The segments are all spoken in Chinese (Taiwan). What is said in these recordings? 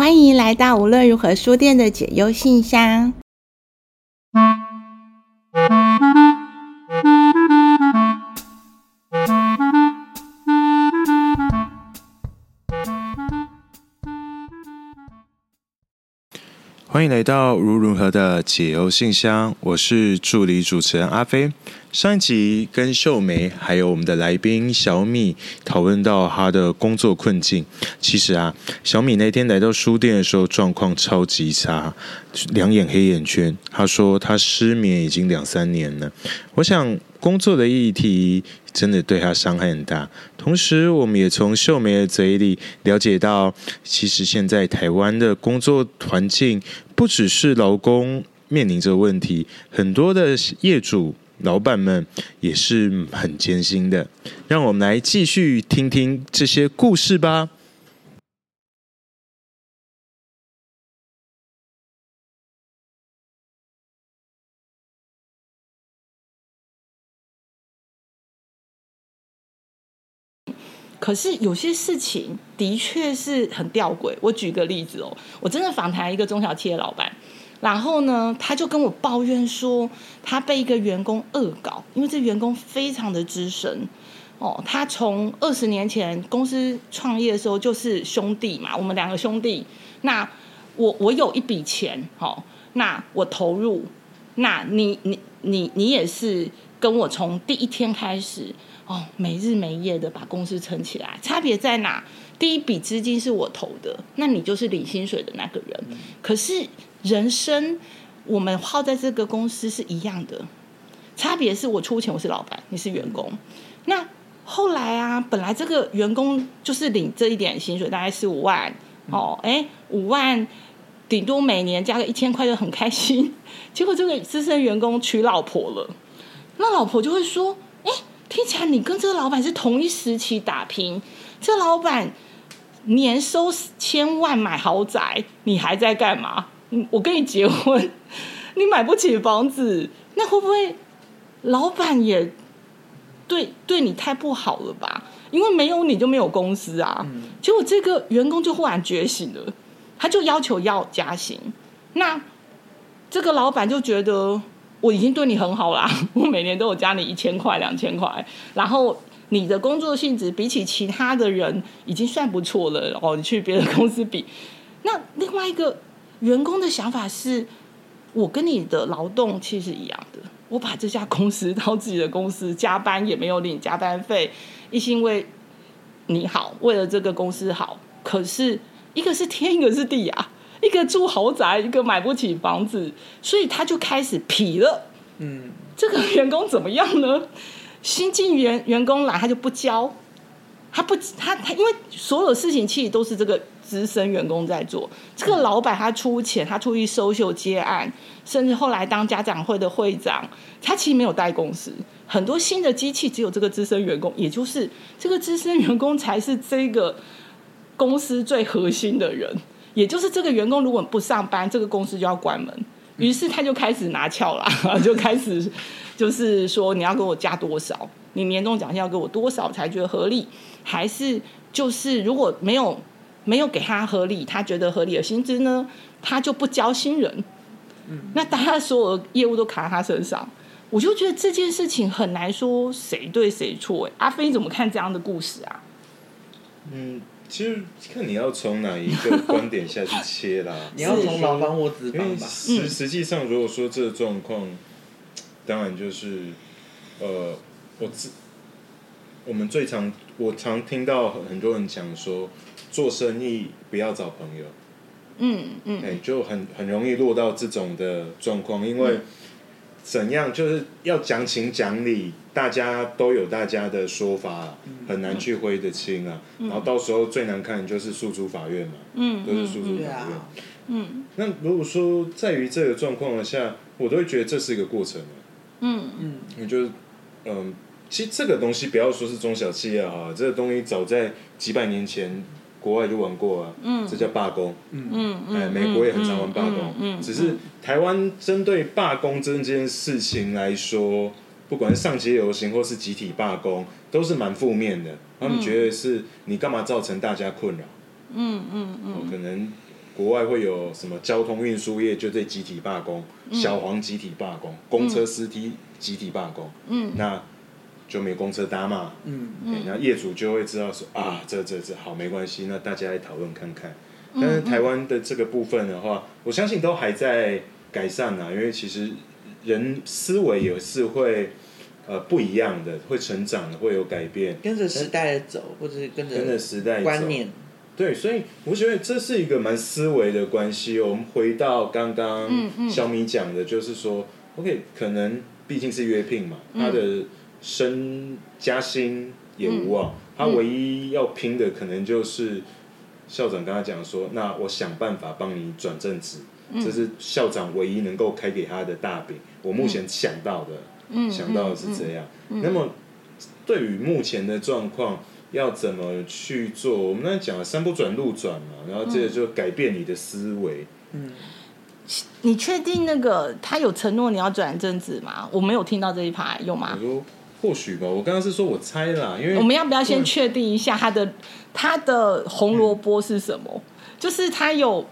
歡迎來到無論如河書店的解憂信箱。歡迎來到無論如河的解憂信箱，我是助理主持人阿飛。上一集跟秀眉還有我們的來賓小米討論到他的工作困境，其實啊，小米那天來到書店的時候狀況超級差，兩眼黑眼圈。他說他失眠已經兩三年了，我想。工作的議題真的對他傷害很大，同時我們也從秀眉的嘴裡了解到，其實現在台灣的工作環境不只是勞工面臨着問題，很多的業主老板們也是很艱辛的。讓我們來繼續聽聽這些故事吧。可是有些事情的確是很弔詭。我舉個例子哦，我真的訪談一個中小企業老闆，然後呢，他就跟我抱怨說，他被一個員工惡搞，因為這員工非常的資深哦。他從二十年前公司創業的時候就是兄弟嘛，我們兩個兄弟。那我我有一筆錢，好，哦，那我投入，那你你你你也是跟我從第一天開始。哦，沒日沒夜的把公司撐起來，差別在哪？第一筆資金是我投的，那你就是領薪水的那個人。嗯。可是人生我們耗在這個公司是一樣的，差別是我出錢，我是老闆，你是員工。那後來啊，本來這個員工就是領這一點薪水，大概四五萬哦，哎，五萬頂多每年加個一千塊就很開心。結果這個資深員工娶老婆了，那老婆就會說，哎。聽起來你跟這個老闆是同一時期打拼，這老闆年收千萬買豪宅，你還在幹嘛？我跟你結婚，你買不起房子，那會不會老闆也對對你太不好了吧？因為沒有你就沒有公司啊。嗯。結果這個員工就忽然覺醒了，他就要求要加薪。那這個老闆就覺得。我已經對你很好啦，我每年都有加你一千塊、兩千塊。然後你的工作性質比起其他的人已經算不錯了。哦，你去別的公司比，那另外一個員工的想法是：我跟你的勞動其實一樣的，我把這家公司當自己的公司，加班也沒有領加班費，一心為你好，為了這個公司好。可是一個是天，一個是地啊。一個住豪宅，一個買不起房子，所以他就開始皮了。嗯，這個員工怎麼樣呢？新進員員工來，他就不教，他不，他他，因為所有事情其實都是這個資深員工在做。這個老板他出錢，他出去收秀接案，甚至後來當家長會的會長，他其實沒有帶公司。很多新的機器只有這個資深員工，也就是這個資深員工才是這個公司最核心的人。也就是這個員工如果不上班，這個公司就要關門。於是他就開始拿翹了，嗯、就開始就是說你要給我加多少，你年終獎金要給我多少才覺得合理？還是就是如果沒有沒有給他合理，他覺得合理的薪資呢，他就不教新人。嗯、那大家所有業務都卡在他身上，我就覺得這件事情很難說誰對誰錯。阿飛你怎麼看這樣的故事啊？嗯。其實看你要從哪一個觀點下去切啦。 你要從老幫我指標吧實。實實際上，如果說這個狀況，當然就是，呃，我自，我們最常我常聽到很多人講說，做生意不要找朋友。嗯嗯、欸。就很很容易落到這種的狀況，因為。嗯怎樣就是要講情講理，大家都有大家的說法，很難去揮得清啊。嗯、然後到時候最難看就是訴諸法院嘛，嗯嗯、都是訴諸法院。嗯，嗯嗯，那如果說在於這個狀況下，我都會覺得這是一個過程，嗯、啊、嗯嗯，我就嗯，其實這個東西不要說是中小企業啊，啊，這個東西早在幾百年前。國外都玩過啊，嗯、這叫罷工。嗯嗯、哎、美國也很常玩罷工嗯。嗯，嗯嗯只是台灣針對罷工這這件事情來說，不管是上街遊行或是集體罷工，都是蠻負面的。他們覺得是你幹嘛造成大家困擾、嗯？嗯嗯可能國外會有什麼交通運輸業就對集體罷工，嗯、小黃集體罷工，公車司機集體罷工。嗯，那。就沒公車搭嘛，嗯，okay, 嗯那業主就會知道說啊，這這這好沒關係，那大家來討論看看。但是台灣的這個部分的話，嗯嗯、我相信都還在改善呢、啊，因為其實人思維也是會呃不一樣的，會成長的，會有改變，跟着時代的走，或者跟着跟着時代觀念。對，所以我覺得這是一個蠻思維的關係。我們回到剛剛小米講的，就是說、嗯嗯、，OK，可能畢竟是約聘嘛，他的。嗯升加薪也無望，嗯、他唯一要拼的可能就是校長跟他講說：“嗯、那我想辦法幫你轉正職，嗯、這是校長唯一能夠開給他的大餅。嗯”我目前想到的，嗯、想到的是這樣。嗯嗯嗯、那麼，對於目前的狀況，要怎麼去做？我們剛才講了“山不轉路轉”嘛，然後接着就改變你的思維。嗯，嗯你確定那個他有承諾你要轉正職嗎？我沒有聽到這一趴有嗎？或許吧，我剛剛是說我猜了啦，因為我們要不要先確定一下他的他的紅蘿蔔是什麼？嗯，就是他有，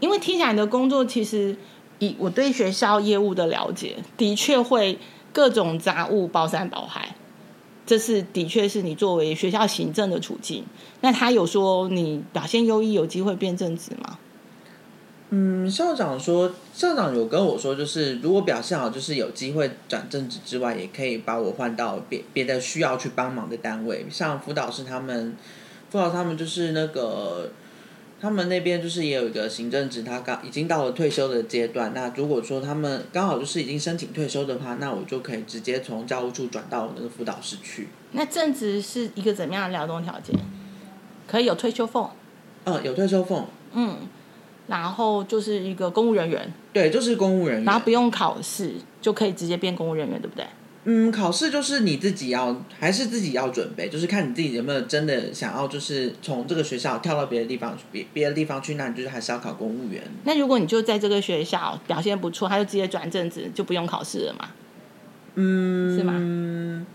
因為聽起來你的工作其實以我對學校業務的了解，的確會各種雜務包山包海，這是的確是你作為學校行政的處境。那他有說你表現優異有機會變正職嗎？嗯，校長說，校長有跟我說，就是如果表現好，就是有機會轉正職之外，也可以把我換到別別的需要去幫忙的單位，像輔導室他們，輔導室他們就是那個，他們那邊就是也有一個行政職，他剛已經到了退休的階段。那如果說他們剛好就是已經申請退休的話，那我就可以直接從教務處轉到那個輔導室去。那正職是一個怎麼樣的勞動條件？可以有退休俸？嗯，有退休俸。嗯。然後就是一個公務人員，對，就是公務人員。然後不用考試就可以直接變公務人員，對不對？嗯，考試就是你自己要，還是自己要準備，就是看你自己有沒有真的想要，就是從這個學校跳到別的地方去，別別的地方去那，那你就是還是要考公務員。那如果你就在這個學校表現不錯，他就直接轉正職，就不用考試了嘛？嗯，是嗎？嗯。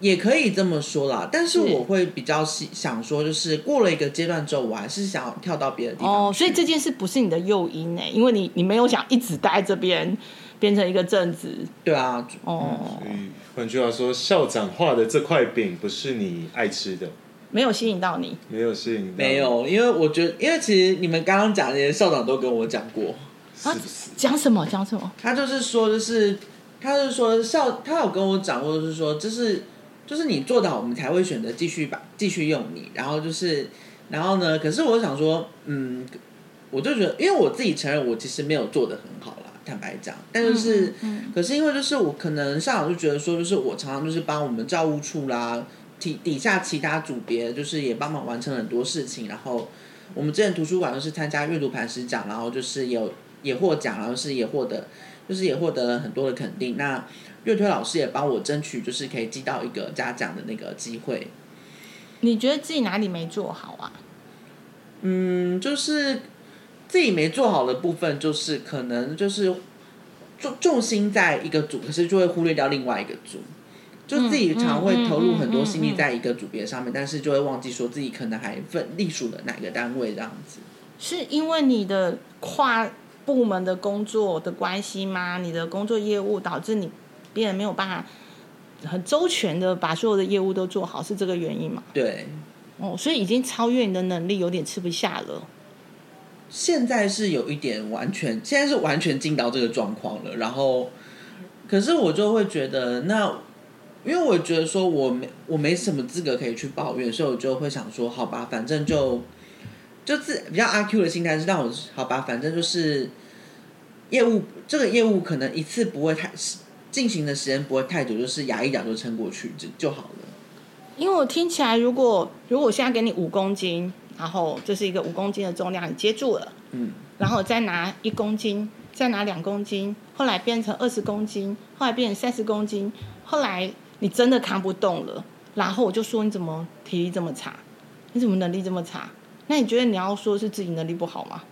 也可以這麼說啦，但是我會比較想說，就是，是過了一個階段之後，我還是想跳到別的地方。哦，oh, 所以這件事不是你的誘因呢、欸？因為你你沒有想一直待在這邊，變成一個鎮子。對啊，哦。換、嗯嗯、句話說，校長畫的這塊餅不是你愛吃的，沒有吸引到你，沒有吸引到你，沒有。因為我覺得，因為其實你們剛剛講那些，校長都跟我講過。他講、啊、什麼？講什麼？他，就是，、就是、他，就，是他就是說，就是，他是說校，他有跟我講過，就是說，就是。就是你做到，我們才會選擇繼續把繼續用你。然後就是，然後呢？可是我想說，嗯，我就覺得，因為我自己承認，我其實沒有做得很好啦。坦白講。但但、就是，嗯嗯，可是因為就是我可能上長就覺得說，就是我常常就是幫我們教務處啦體，底下其他組別就是也幫忙完成很多事情。然後我們之前圖書館就是參加閱讀磐石獎，然後就是有也，也獲獎，然後是也獲得。就是也獲得了很多的肯定，那月推老師也幫我爭取，就是可以寄到一個嘉獎的那個機會。你覺得自己哪裡沒做好啊？嗯，就是自己沒做好的部分，就是可能就是重重心在一個組，可是就會忽略掉另外一個組，就自己常會投入很多心力在一個組別上面，但是就會忘記說自己可能還分隸屬了哪個單位這樣子。是因為你的跨？部門的工作的關係嗎？你的工作業務導致你變得沒有辦法很周全的把所有的業務都做好，是這個原因嗎？對，哦，所以已經超越你的能力，有點吃不下了。現在是有一點完全，現在是完全進到這個狀況了。然後，可是我就會覺得那，那因為我覺得說我沒我沒什麼資格可以去抱怨，所以我就會想說，好吧，反正就。嗯就是比較阿 Q 的心態是讓我好吧，反正就是業務這個業務可能一次不會太，進行的時間不會太久，就是咬一咬就撐過去就就好了。因為我聽起來，如果如果我現在給你五公斤，然後這是一個五公斤的重量，你接住了，嗯，然後再拿一公斤，再拿兩公斤，後來變成二十公斤，後來變成三十公斤，後來你真的扛不動了，然後我就說你怎麼體力這麼差，你怎麼能力這麼差？那你覺得你要說是自己能力不好嗎？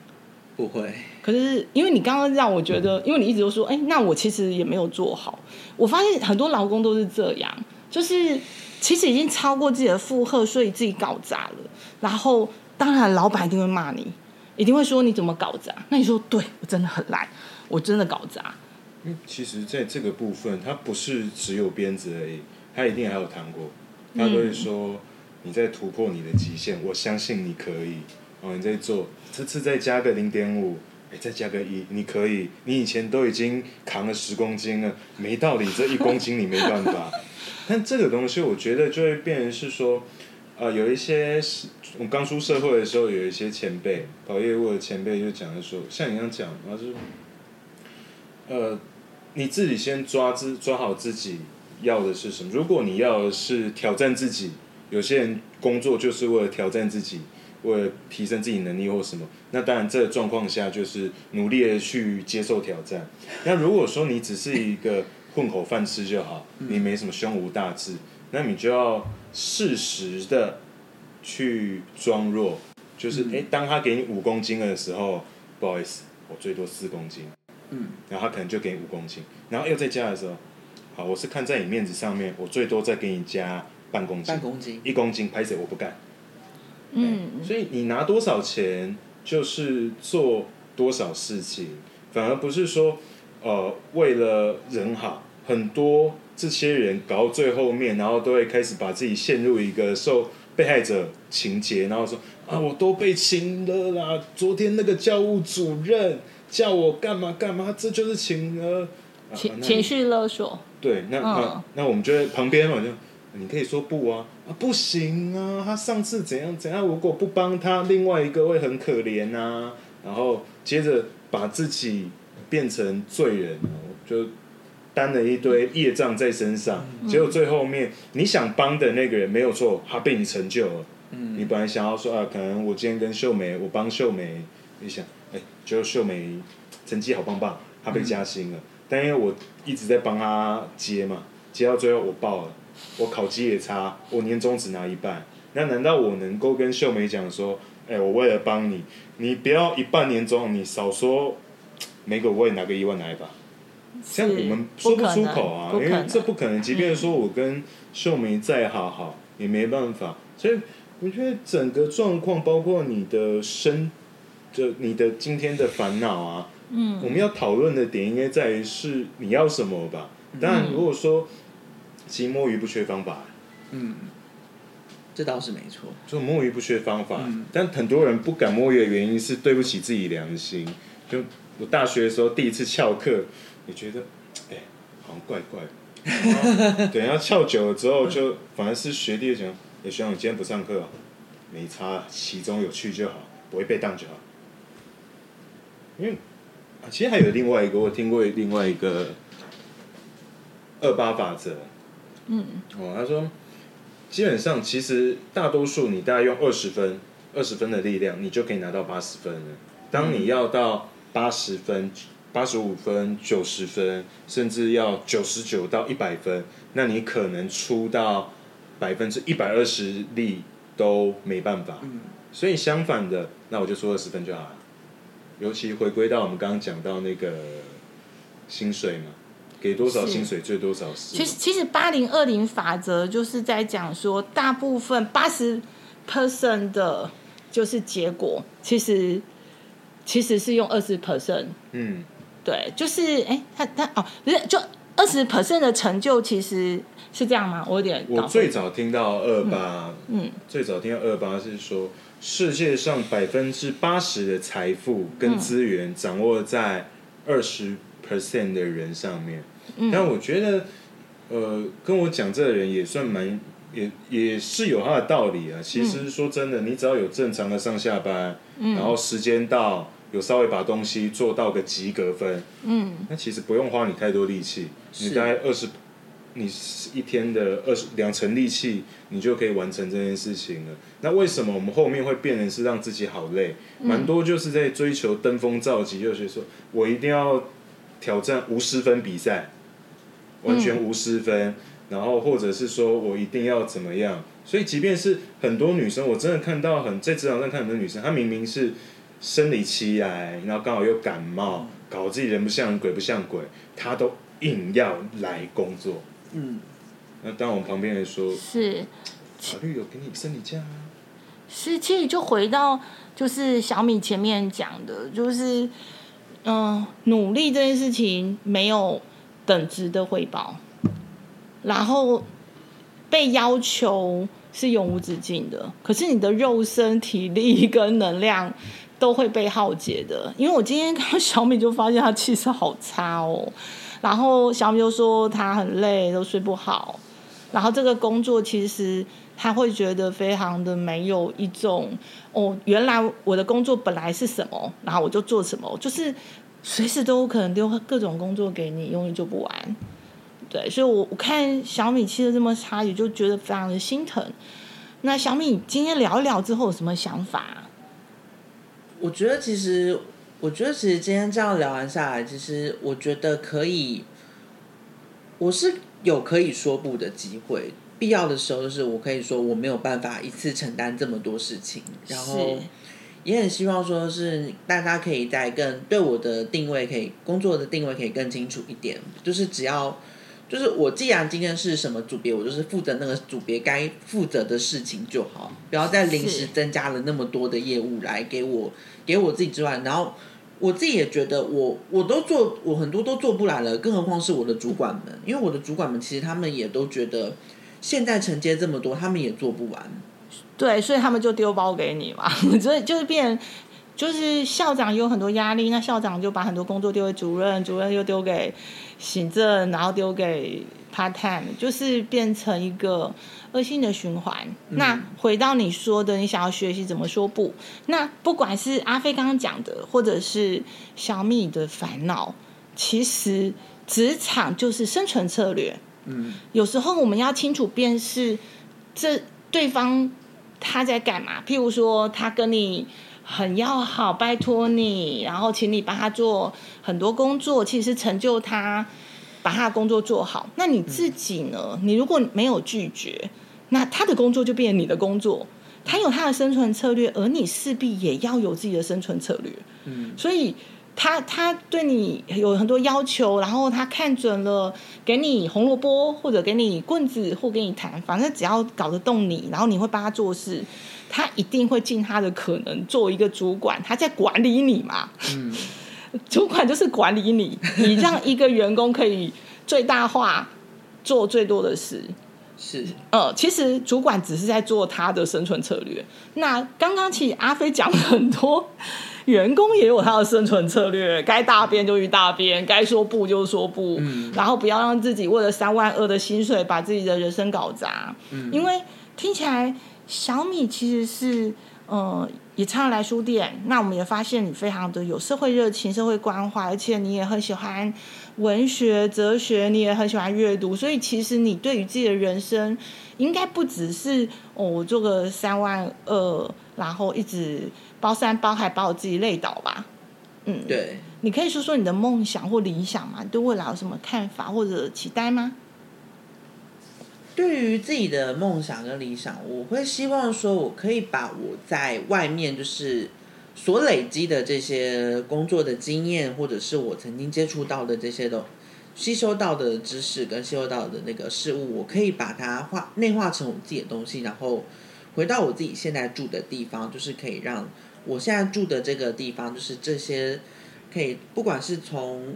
不會。可是因為你剛剛讓我覺得，嗯、因為你一直都說，哎、欸，那我其實也沒有做好。我發現很多勞工都是這樣，就是其實已經超過自己的負荷，所以自己搞砸了。然後當然老闆一定會罵你，一定會說你怎麼搞砸？那你說，對我真的很爛，我真的搞砸。嗯，其實在這個部分，他不是只有鞭子而已，他一定還有糖果，他都會說。嗯你在突破你的極限，我相信你可以。哦，你在做，這次再加個零點五，哎，再加個一，你可以。你以前都已經扛了十公斤了，沒道理這一公斤你沒辦法。 但這個東西，我覺得就會變成是說，呃，有一些我剛出社會的時候，有一些前輩，跑業務的前輩就講的說，像你這樣講，然後就，呃，你自己先抓自抓好自己要的是什麼。如果你要的是挑戰自己。有些人工作就是為了挑戰自己，為了提升自己能力或什麼。那當然，這個狀況下就是努力的去接受挑戰。那如果說你只是一個混口飯吃就好，你沒什麼胸無大志，嗯、那你就要適時的去裝弱，就是誒、嗯欸，當他給你五公斤的時候，不好意思，我最多四公斤。嗯，然後他可能就給你五公斤，然後又再加的時候，好，我是看在你面子上面，我最多再給你加。半公斤，半公斤，一公斤，拍死我不幹。嗯，所以你拿多少錢就是做多少事情，反而不是說呃為了人好，很多這些人搞到最後面，然後都會開始把自己陷入一個受被害者情節，然後說啊，我都被情勒啦，昨天那個教務主任叫我幹嘛幹嘛，這就是情勒。啊、情你情緒勒索。對，那、嗯啊、那我們覺得旁邊好像。你可以說不啊，啊不行啊！他上次怎樣怎樣，如果不幫他，另外一個會很可憐啊，然後接着把自己變成罪人，就擔了一堆業障在身上。嗯、結果最後面，你想幫的那個人沒有錯，他被你成就了。嗯、你本來想要說啊，可能我今天跟秀眉，我幫秀眉，你想，哎、欸，結果秀眉成績好棒棒，她被加薪了。嗯、但因為我一直在幫她接嘛，接到最後我爆了。我考績也差，我年終只拿一半，那難道我能夠跟秀眉講說，哎、欸，我為了幫你，你不要一半年終，你少說，每個我也拿個一萬來吧？是像我們說不出口啊，因為這不可能。即便說我跟秀眉再好好，也沒辦法。嗯、所以我覺得整個狀況，包括你的身，就你的今天的煩惱啊，嗯、我們要討論的點應該在於是你要什麼吧？當然，如果說。嗯摸魚不缺方法，嗯，這倒是沒錯。就摸魚不缺方法，但很多人不敢摸魚的原因是對不起自己良心。就我大學的時候第一次翹課，也覺得，哎、欸，好像怪怪的。等下 翹久了之後，就反而是學弟想，也希望你今天不上課，沒差，其中有趣就好，不會被當就好。因、嗯、為其實還有另外一個，我聽過另外一個二八法則。嗯，哦，他說，基本上其實大多數你大概用二十分、二十分的力量，你就可以拿到八十分了。當你要到八十分、八十五分、九十分，甚至要九十九到一百分，那你可能出到百分之一百二十力都沒辦法。嗯，所以相反的，那我就出二十分就好了。尤其回歸到我們剛剛講到那個薪水嘛。給多少薪水，做多少事。其實，其實八零二零法則就是在講說，大部分八十 percent 的就是結果，其實其實是用二十 percent。嗯，對，就是哎，他他哦，不是，就二十 percent 的成就，其實是這樣嗎？我有點我最早聽到二八，嗯，嗯，最早聽到二八是說世界上百分之八十的財富跟資源掌握在二十 percent 的人上面。嗯、但我覺得，呃，跟我講這個人也算蠻也也是有他的道理啊。其實說真的，嗯、你只要有正常的上下班，嗯、然後時間到，有稍微把東西做到個及格分，嗯，那其實不用花你太多力氣。是你大概二十，你一天的二十兩成力氣，你就可以完成這件事情了。那為什麼我們後面會變成是讓自己好累？蠻、嗯、多就是在追求登峰造極，就是說我一定要挑戰無失分比賽。完全無私分，嗯、然後或者是說我一定要怎麼樣，所以即便是很多女生，我真的看到很在職場上看很多女生，她，明明是生理期來，然後剛好又感冒，搞自己人不像人，鬼不像鬼，她都硬要來工作。嗯，那當我們旁邊人說，是法律有給你生理假啊。是，其實就回到就是小米前面講的，就是嗯、呃，努力這件事情沒有。等值的回報，然後被要求是永無止境的，可是你的肉身體力跟能量都會被耗竭的。因為我今天看到小米就發現他氣色好差哦，然後小米就說他很累，都睡不好，然後這個工作其實他會覺得非常的沒有，一種哦，原來我的工作本來是什麼，然後我就做什麼，就是。隨時都可能丟各種工作給你，永遠做不完，對，所以我，我我看小米氣得這麼差，也就覺得非常的心疼。那小米今天聊一聊之後有什麼想法？我覺得，其實，我覺得，其實今天這樣聊完下來，其實我覺得可以，我是有可以說不的機會，必要的時候就是我可以說我沒有辦法一次承擔這麼多事情，然後。也很希望說是大家可以再更對我的定位，可以工作的定位可以更清楚一點。就是只要，就是我既然今天是什麼組別，我就是負責那個組別該負責的事情就好，不要再臨時增加了那麼多的業務來給我給我自己之外。然後我自己也覺得我我都做我很多都做不來了，更何況是我的主管們，因為我的主管們其實他們也都覺得現在承接這麼多，他們也做不完。對，所以他們就丟包給你嘛，所以就是變，就是校長有很多壓力，那校長就把很多工作丟給主任，主任又丟給行政，嗯、然後丟給 part time，就是變成一個惡性的循環。嗯、那回到你說的，你想要學習怎麼說不？那不管是阿飛剛剛講的，或者是小米的煩惱，其實職場就是生存策略。嗯，有時候我們要清楚辨識這對方。他在幹嘛？譬如說，他跟你很要好，拜託你，然後請你幫他做很多工作，其實成就他，把他的工作做好。那你自己呢？你如果沒有拒絕，那他的工作就變成你的工作。他有他的生存策略，而你勢必也要有自己的生存策略。嗯，所以，他他對你有很多要求，然後他看準了，給你紅蘿蔔或者給你棍子或給你彈，反正只要搞得動你，然後你會幫他做事，他一定會盡他的可能做一個主管，他在管理你嘛。嗯，主管就是管理你，你讓一個員工可以最大化做最多的事。是，呃，嗯，其實主管只是在做他的生存策略。那剛剛其實阿飛講了很多。 員工也有他的生存策略，該大便就去大便，該說不就說不，嗯、然後不要讓自己為了三萬二的薪水把自己的人生搞砸。嗯、因為聽起來小米其實是，呃，也常來書店。那我們也發現你非常的有社會熱情、社會關懷，而且你也很喜歡文學、哲學，你也很喜歡閱讀。所以其實你對於自己的人生，應該不只是哦，我做個三萬二。然後一直包山包海把我自己累倒吧，嗯，對，你可以說說你的夢想或理想嗎？對未來有什麼看法或者期待嗎？對於自己的夢想跟理想，我會希望說，我可以把我在外面就是所累積的這些工作的經驗，或者是我曾經接觸到的這些都吸收到的知識跟吸收到的那個事物，我可以把它化內化成我自己的東西，然後。回到我自己現在住的地方，就是可以讓我現在住的這個地方，就是這些可以，不管是從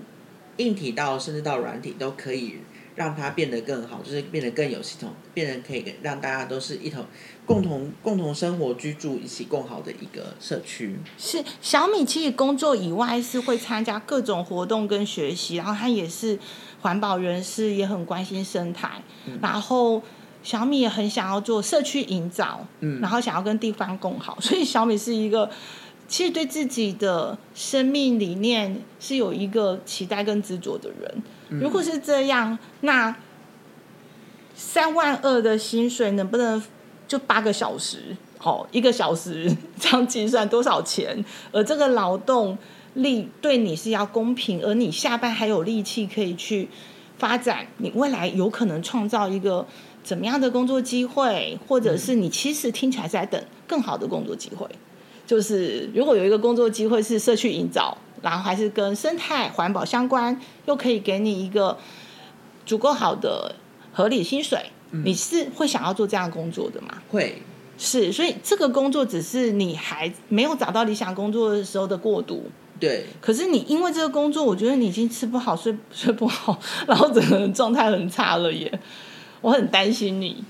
硬體到甚至到軟體，都可以讓它變得更好，就是變得更有系統，變得可以讓大家都是一同共同、嗯、共同生活居住，一起共好的一個社區。是小米，其實工作以外是會參加各種活動跟學習，然後他也是環保人士，也很關心生態，嗯、然後。小米也很想要做社區營造，嗯，然後想要跟地方共好，所以小米是一個其實對自己的生命理念是有一個期待跟執着的人。嗯，如果是這樣，那三萬二的薪水能不能就八個小時哦，一個小時這樣計算多少錢？而這個勞動力對你是要公平，而你下班還有力氣可以去發展，你未來有可能創造一個。怎麼樣的工作機會，或者是你其實聽起來是在等更好的工作機會，嗯、就是如果有一個工作機會是社區營造，然後還是跟生態環保相關，又可以給你一個足夠好的合理薪水，嗯、你是會想要做這樣工作的嗎？會是，所以這個工作只是你還沒有找到理想工作的時候的過渡。對，可是你因為這個工作，我覺得你已經吃不好、睡睡不好，然後整個人狀態很差了，耶。我很擔心你，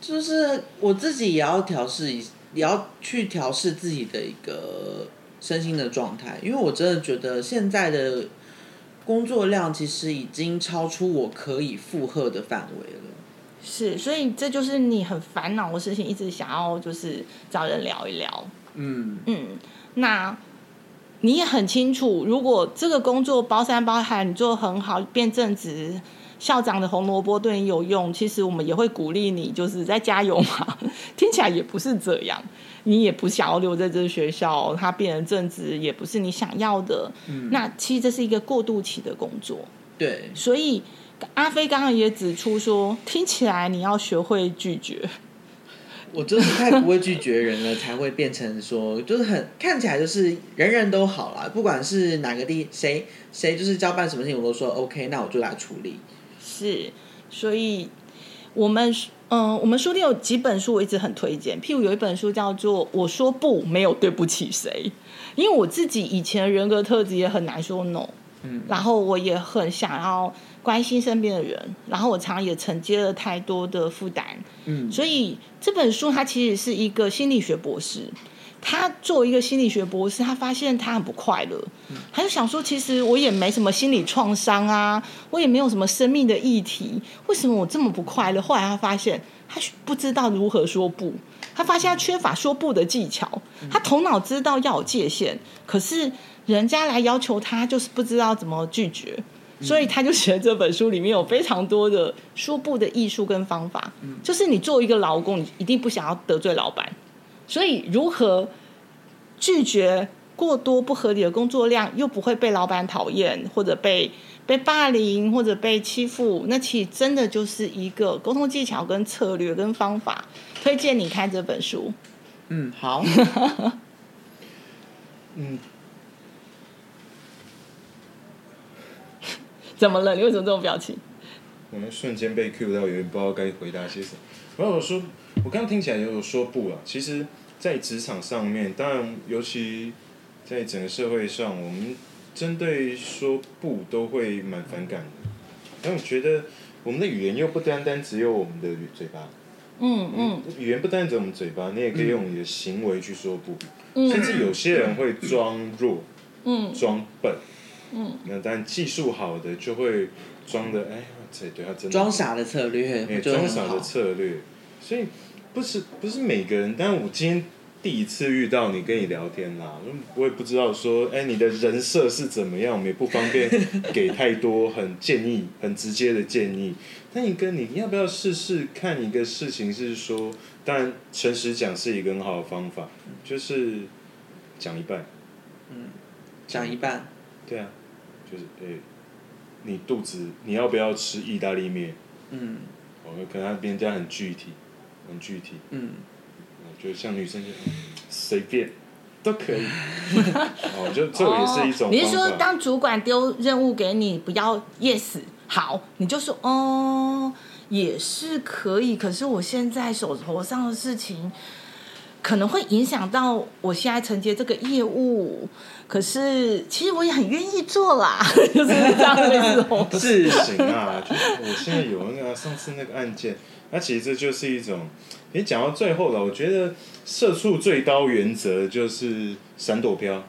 就是我自己也要調適一，也要去調適自己的一個身心的狀態，因為我真的覺得現在的工作量其實已經超出我可以負荷的範圍了。是，所以這就是你很煩惱的事情，一直想要就是找人聊一聊。嗯嗯，那你也很清楚，如果這個工作包山包海，你做得很好，變正職。校長的紅蘿蔔對你有用，其實我們也會鼓勵你，就是在加油嘛。 聽起來也不是這樣，你也不想要留在這學校，它變成正職也不是你想要的。嗯，那其實這是一個過渡期的工作。對，所以阿飛剛剛也指出說，聽起來你要學會拒絕。我就是太不會拒絕人了， 才會變成說，就是很看起來就是人人都好啦，不管是哪個地誰誰就是交辦什麼事情，我都說 OK，那我就來處理。是，所以我們嗯，我們書店有幾本書，我一直很推薦。譬如有一本書叫做《我說不，沒有對不起誰》，因為我自己以前的人格特質也很難說 no，嗯。然後我也很想要關心身邊的人，然後我常常也承接了太多的負擔。嗯，所以這本書它其實是一個心理學博士。他做一個心理學博士，他發現他很不快樂，他就想說，其實我也沒什麼心理創傷啊，我也沒有什麼生命的議題，為什麼我這麼不快樂？後來他發現，他不知道如何說不，他發現他缺乏說不的技巧，他頭腦知道要有界限，可是人家來要求他，就是不知道怎麼拒絕，所以他就寫了這本書，裡面有非常多的說不的藝術跟方法，就是你做一個勞工，你一定不想要得罪老闆。所以，如何拒絕過多不合理的工作量，又不會被老板討厭，或者被被霸凌，或者被欺負？那其實真的就是一個溝通技巧、跟策略、跟方法。推薦你看這本書。嗯，好。 嗯，怎麼了？你為什麼這種表情？我瞬間被 cue 到，有點不知道該回答些什麼。然、嗯、我說。我剛剛聽起來有說不啊，其實，在職場上面，當然，尤其在整個社會上，我們針對說不都會蠻反感的。但我覺得，我們的語言又不單單只有我們的嘴巴。嗯嗯，嗯。語言不單單只有我們嘴巴，你也可以用你的行為去說不。嗯。甚至有些人會裝弱。嗯。裝笨。嗯。嗯，那當然技術好的就會裝的，哎呀，這對他真的。裝傻的策略。對、欸，裝傻的策略。所以。不是不是每個人，但我今天第一次遇到你，跟你聊天啦、啊，我也不知道說，哎、欸，你的人設是怎麼樣，我們也不方便給太多 很建議、很直接的建議。那你跟你，你要不要試試看一個事情？是說，當然誠實講是一個很好的方法，就是講一半，嗯，講一半，對啊，就是哎、欸，你肚子你要不要吃意大利麵？嗯，我會跟他邊這樣很具體。很具體，嗯，我覺得像女生就隨便都可以， 哦，就這也是一種。哦，你是說當主管丟任務給你，不要 yes，好，你就說哦也是可以，可是我現在手頭上的事情，可能會影響到我現在承接這個業務，可是其實我也很願意做啦，就是這樣的那種事情 是啊，就是我現在有那個上次那個案件，那、啊、其實這就是一種。你講到最後了，我覺得社畜最高原則就是閃躲飄，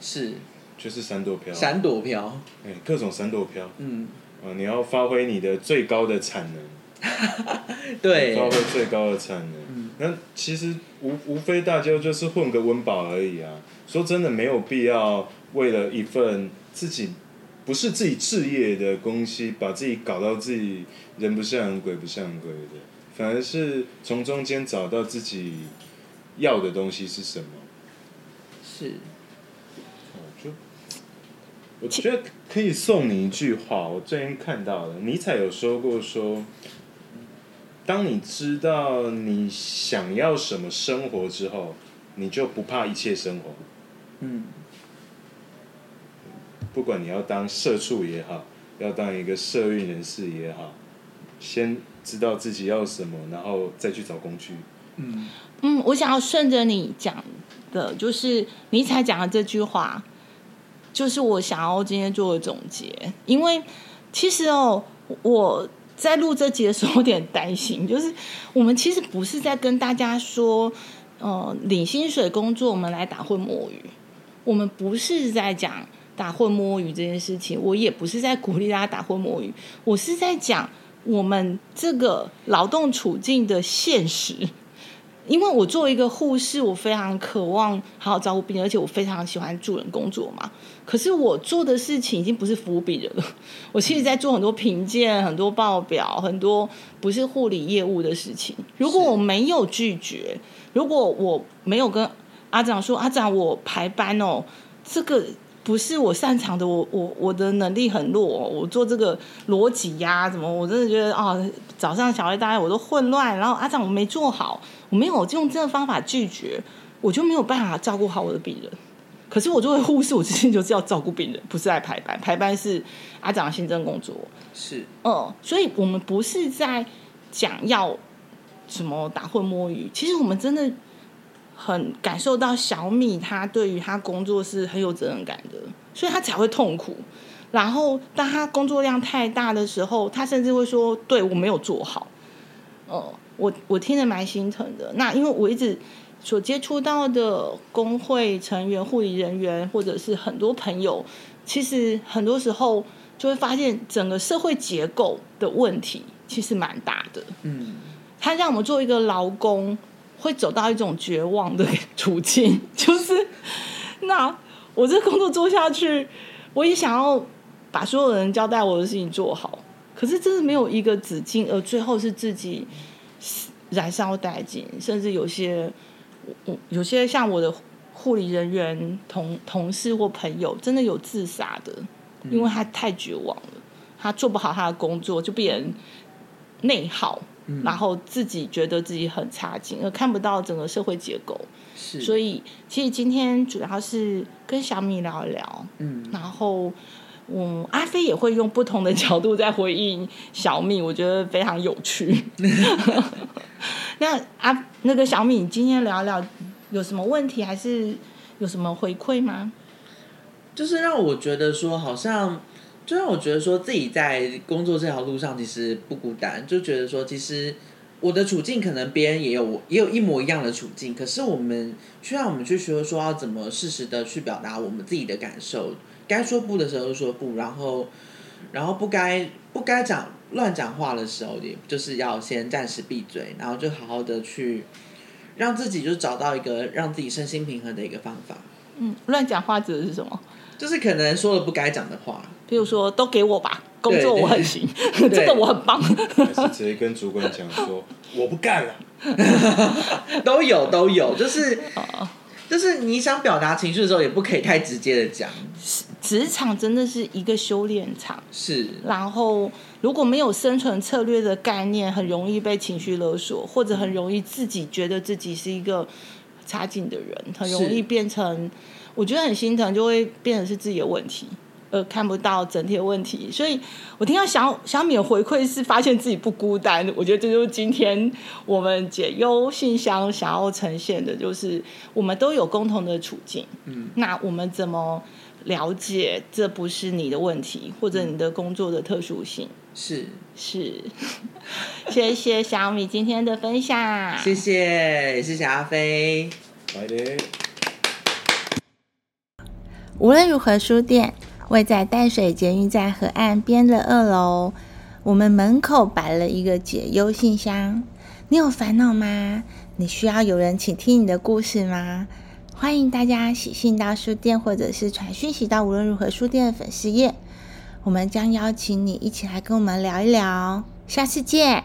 是，就是閃躲飄，閃躲飄，哎，各種閃躲飄，嗯，啊，你要發揮你的最高的產能， 對，發揮最高的產能。嗯那其實無無非大家就是混個溫飽而已啊！說真的，沒有必要為了一份自己不是自己志業的東西，把自己搞到自己人不像人、鬼不像鬼的。反而是從中間找到自己要的東西是什麼？是。我就我覺得可以送你一句話，我最近看到了尼采有說過說。當你知道你想要什麼生活之後，你就不怕一切生活。嗯。不管你要當社畜也好，要當一個社運人士也好，先知道自己要什麼，然後再去找工具。嗯嗯，我想要順着你講的，就是你才講的這句話，就是我想要今天做的總結，因為其實哦，我。在錄這集的時候我有點擔心，就是我們其實不是在跟大家說，呃，領薪水工作我們來打混摸魚，我們不是在講打混摸魚這件事情，我也不是在鼓勵大家打混摸魚，我是在講我們這個勞動處境的現實。因為我做一個護士，我非常渴望好好照顧病人，而且我非常喜歡助人工作嘛。可是我做的事情已經不是服務病人了，我其實在做很多評鑑、很多報表、很多不是護理業務的事情。如果我沒有拒絕，如果我沒有跟阿長說阿長，我排班哦，這個。不是我擅長的我，我我我的能力很弱、哦，我做這個邏輯呀、啊，怎麼我真的覺得啊、哦，早上小孩大家我都混亂，然後阿長我沒做好，我沒有用這個方法拒絕，我就沒有辦法照顧好我的病人。可是我作為護士，我之前就是要照顧病人，不是在排班，排班是阿長行政工作，是，嗯，所以我們不是在講要什麼打混摸魚，其實我們真的。很感受到小米他對於他工作是很有責任感的，所以他才會痛苦。然後當他工作量太大的時候，他甚至會說：“對，我沒有做好。”呃，哦，我我聽着蠻心疼的。那因為我一直所接觸到的工會成員、護理人員，或者是很多朋友，其實很多時候就會發現整個社會結構的問題其實蠻大的。嗯，他讓我們做一個勞工。會走到一種絕望的處境，就是那我這工作做下去，我也想要把所有人交代我的事情做好，可是真的沒有一個止境，而最後是自己燃燒殆盡，甚至有些我我有些像我的護理人員同同事或朋友，真的有自殺的，因為他太絕望了，他做不好他的工作，就變成內耗。然後自己覺得自己很差勁，而看不到整個社會結構。是，所以其實今天主要是跟小米聊一聊，嗯，然後嗯，阿飛也會用不同的角度在回應小米，我覺得非常有趣。 那阿、啊、那個小米今天聊聊有什麼問題，還是有什麼回饋嗎？就是讓我覺得說好像。就讓我覺得說自己在工作這條路上其實不孤單，就覺得說其實我的處境可能別人也有，也有一模一樣的處境。可是我們需要我們去學說要怎麼適時的去表達我們自己的感受，該說不的時候就說不，然後然後不該不該講亂講話的時候，也就是要先暫時閉嘴，然後就好好的去讓自己就找到一個讓自己身心平衡的一個方法。嗯，亂講話指的是什麼？就是可能說了不該講的話，比如說“都給我吧，工作我很行，這個我很棒”，可是直接跟主管講說“ 我不幹了”， 都有都有，就是就是你想表達情緒的時候，也不可以太直接的講。職場真的是一個修煉場，是。然後如果沒有生存策略的概念，很容易被情緒勒索，或者很容易自己覺得自己是一個。差勁的人，很容易變成，是我覺得很心疼，就會變成是自己的問題，呃，看不到整體的問題。所以，我聽到小米的回饋是發現自己不孤單，我覺得這就是今天我們解憂信箱想要呈現的，就是我們都有共同的處境。嗯，那我們怎麼？了解，這不是你的問題，或者你的工作的特殊性。是、嗯、是，是 謝謝小米今天的分享，謝謝謝謝阿飛，拜拜。無論如河，書店位在淡水捷運在河岸邊的二樓，我們門口擺了一個解憂信箱。你有煩惱嗎？你需要有人傾聽你的故事嗎？歡迎大家寫信到書店，或者是傳訊息到無論如河書店的粉絲頁，我們將邀請你一起來跟我們聊一聊。下次見。